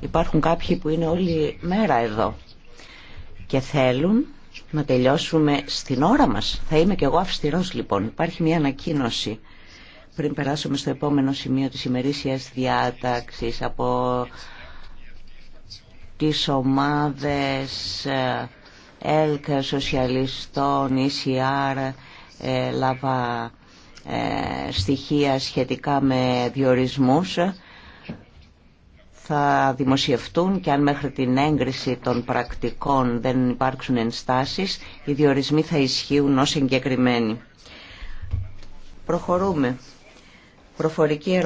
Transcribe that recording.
Υπάρχουν κάποιοι που είναι όλη μέρα εδώ και θέλουν να τελειώσουμε στην ώρα μας. Θα είμαι κι εγώ αυστηρός λοιπόν. Υπάρχει μια ανακοίνωση πριν περάσουμε στο επόμενο σημείο της ημερήσιας διάταξης από τις ομάδες ε, ΕΛΚ, Σοσιαλιστών, ECR, ε, λάβα ε, στοιχεία σχετικά με διορισμούς θα δημοσιευτούν και αν μέχρι την έγκριση των πρακτικών δεν υπάρξουν ενστάσεις, οι διορισμοί θα ισχύουν ως εγκεκριμένοι. Προχωρούμε. Προφορική